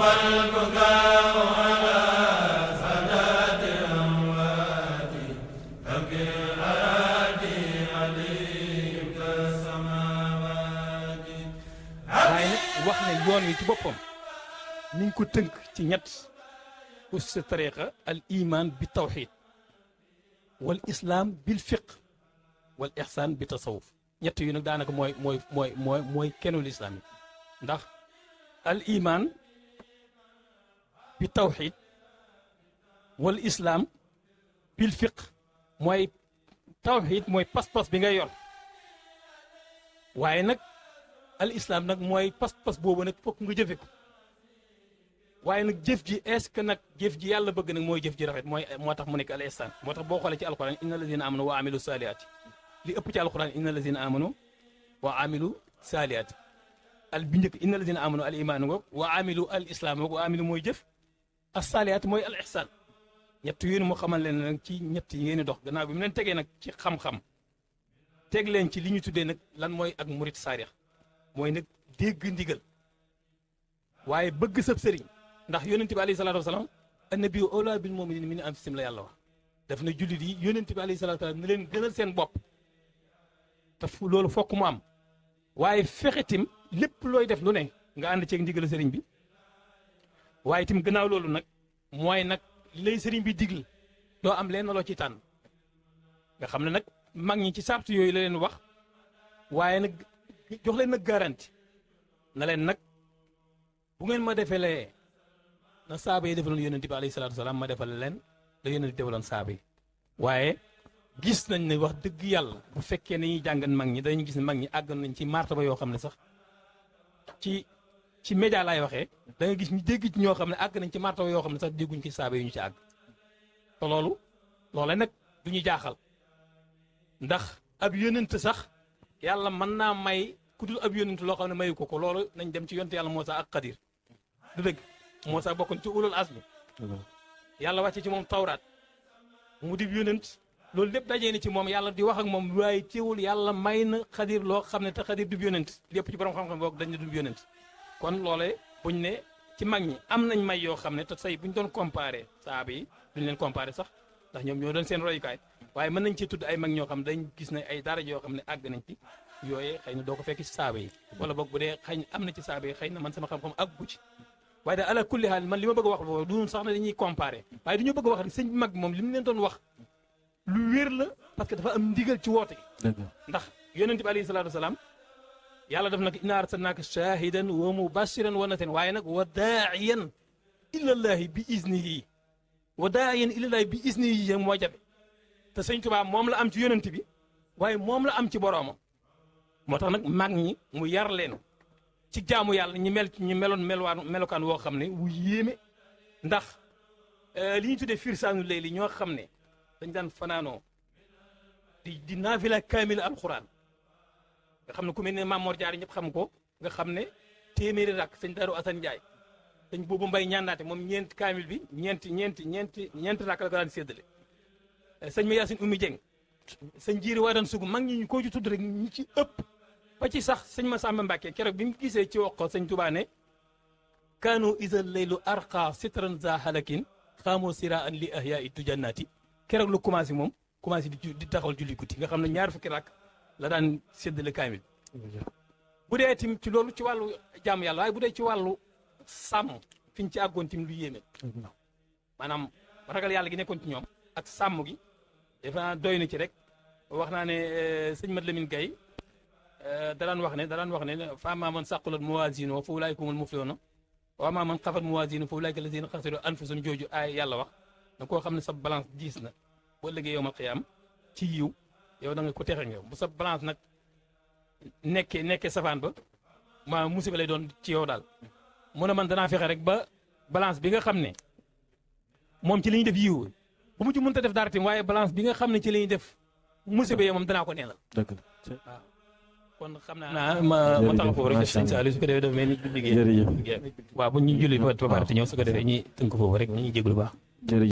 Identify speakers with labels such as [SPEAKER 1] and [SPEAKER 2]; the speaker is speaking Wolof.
[SPEAKER 1] والبكاء على فتاة الأموات تبكي على عليك السماوات حبيبي وحنا يوني تبقم نينكو تنك تنيت الإيمان بالتوحيد والإسلام بالفقه والإحسان بالتصوف نيت يونك دانك موي موي موي موي كنو الإسلامي ndax الإيمان بالتوحيد والإسلام بالفقه mooy tawxiid mooy pas-pas bi nga yor waaye nag al islam nag mooy pas-pas boobu nag fokk nga jëfe ko waaye nag jëf ji est ce que nag jëf ji yàlla bëgg nag mooy jëf ji rafet mooy moo tax mu nekk al ihsan moo tax boo xoolee ci alquran inna allazina amanu wa amilu saalihaati li ëpp ci alquran inna allazina amanu wa amilu saalihaati al bi njëkk inna allazina amanu al iman ngoog wa amilu al islam ngoog wa amilu mooy jëf asaliyaat mooy al ihsaan ñett yéen mu xamal leen nag ci ñett yi ngeen dox gannaaw bi mu leen tegee nag ci xam-xam teg leen ci li ñu tuddee nag lan mooy ak murit saarix mooy nag dégg ndigal waaye bëgg sëb sëriñ ndax yonente bi alayhi salaatu wasalaam annabiyu awlaa bil mu'miniina min anfusihim la yàlla wax daf na jullit yi yonente bi alayhi salaatu wasalaam ne leen gënal seen bopp te fu loolu fokk mu am waaye fexe tim lépp looy def lu ne nga ànd ceeg ndigal sëriñ bi waaye itam gannaaw loolu nag mooy nag li lay sëriñ bi digle doo am lenn loo ci tànn nga xam ne nag mag ñi ci sart yooyu la leen wax waaye nag jox leen nag garanti na leen nag bu ngeen ma defee lee na saaba yi defaloon yonent bi alayhi salaatu salaam ma defal leen la yonent defaloon saaba yi waaye gis nañ ne wax dëgg yàlla bu fekkee nañuy jàngan mag ñi dañu gis ne mag ñi àggan nañ ci martaba yoo xam ne sax ci ci média laay waxee da gis ñu dégg ci ñoo xam ne àgg nañ ci martaw yoo xam ne sax dégguñ ci saaba yu ñu ci àgg te loolu loola nag du ñu jaaxal ndax ab yónent sax yàlla mën naa may ku dul ab yónent loo xam ne mayu ko ko loolu nañ dem ci yonent yàlla Moussa ak Xadir du dëgg Moussa bokkoon ci ulul asmi yàlla wàcce ci moom tawraat mu dib yónent loolu lépp dajee ni ci moom yàlla di wax ak moom waaye teewul yàlla may na Xadir loo xam ne te Xadir dub yónent lépp ci borom xam-xam dañ ne kon loole buñ ne ci mag ñi am nañ may yoo xam ne te say buñ doon comparé saaba yi duñ leen comparé sax ndax ñoom ñoo doon seen royukaay waaye mën nañ ci tudd ay mag ñoo xam dañ gis ne ay dara yoo xam ne àgg nañ ci yooye xëy na doo ko fekk ci saaba yi wala boog bu dee xëy am na ci saaba yi xëy na man sama xam-xam àggu ci waaye daal ala kulli haal man li ma bëgg a wax boobu du sax ne dañuy comparé waaye du ñu bëgg a wax ne sëñ mag moom li mu leen doon wax lu wér la parce que dafa am ndigal ci woote ndax yonente bi alayhi salaatu wasalaam yàlla def nag innaa arsalnaaka shaahidan wa mubashiran wa nadiiran waaye nag wa daa'iyan ilallaahi bi iznihi wa daa'iyan ilallaahi bi iznihi moo jafe te sëñ Tuubaa moom la am ci yonent bi waaye moom la am ci boroomam moo tax nag mag ñi mu yar leen ci jaamu yàlla ñi mel ñi meloon meluwaan melokaan woo xam ne wu yéeme ndax li ñu tuddee firsaanu layli ñoo xam ne dañ daan fanaanoo di di naafila kaamil alxuraan nga xam ne ku mel ne Maam Mor Jaara xam ko nga xam ne téeméeri rakk sëñ Daaru Asan Njaay sëñ boobu mbay ñaanaate moom ñeenti kaamil bi ñeenti ñeenti ñeenti ñeenti rakk la ko daan séddale euh, sëñ ma Yaasin Ummi Jeng sëñ jiiri waa daan sugu mag ñi ñu koo ci tudd rek ñi ci ëpp ba ci sax ma Masamba Mbàkke keroog bi mu gisee ci wax ko sëñ Tuubaa ne kaanu isal ar arqa sitran za halakin xaamoo siraan li ahyaa i tujannaati keroog lu commencé moom commencé di di taxawal julli guddi nga xam ne ñaar fukki rakk ladaan daan séddale kaamil bu tim ci loolu ci wàllu jàmm yàlla waaye bu dee ci wàllu sàmm fiñ ci àggoon tim lu yéeme maanaam ragal yàlla gi nekkoon ti ñoom ak sàmm gi defe naa doy na ci rek wax naa ne euh, sëñ Mat Lamin Gay euh, da daan wax ne da wax ne fa ammaa man saqulat mawaaziinuhu fa ulaa'ika humul muflihuun wa ammaa man xafat la fa ulaa'ika allaziina xasiruu anfusahum jooju ay yàlla wax da koo xam ne sab balance diis na boo ëllëgee yowmal qiyaam ci yiw yow da nga ko texe nga bu sa balance nag nekke nekke safaan ba maa musiba lay doon ci yow daal mu ne man danaa fexe rek ba balance bi nga xam ne moom ci li ñuy def yiw bu mu ci mënta def dara tamit waaye balance bi nga xam ne ci li ñuy def musiba yi moom danaa ko neenal. kon xam naa. ma tax foofu rek def sëñ Saliou su ko defee daf mel ni julli gi. jërëjëf waaw bu ñu julli ba pare te ñëw su ko defee ñuy tënk foofu rek ñu jégalu baax.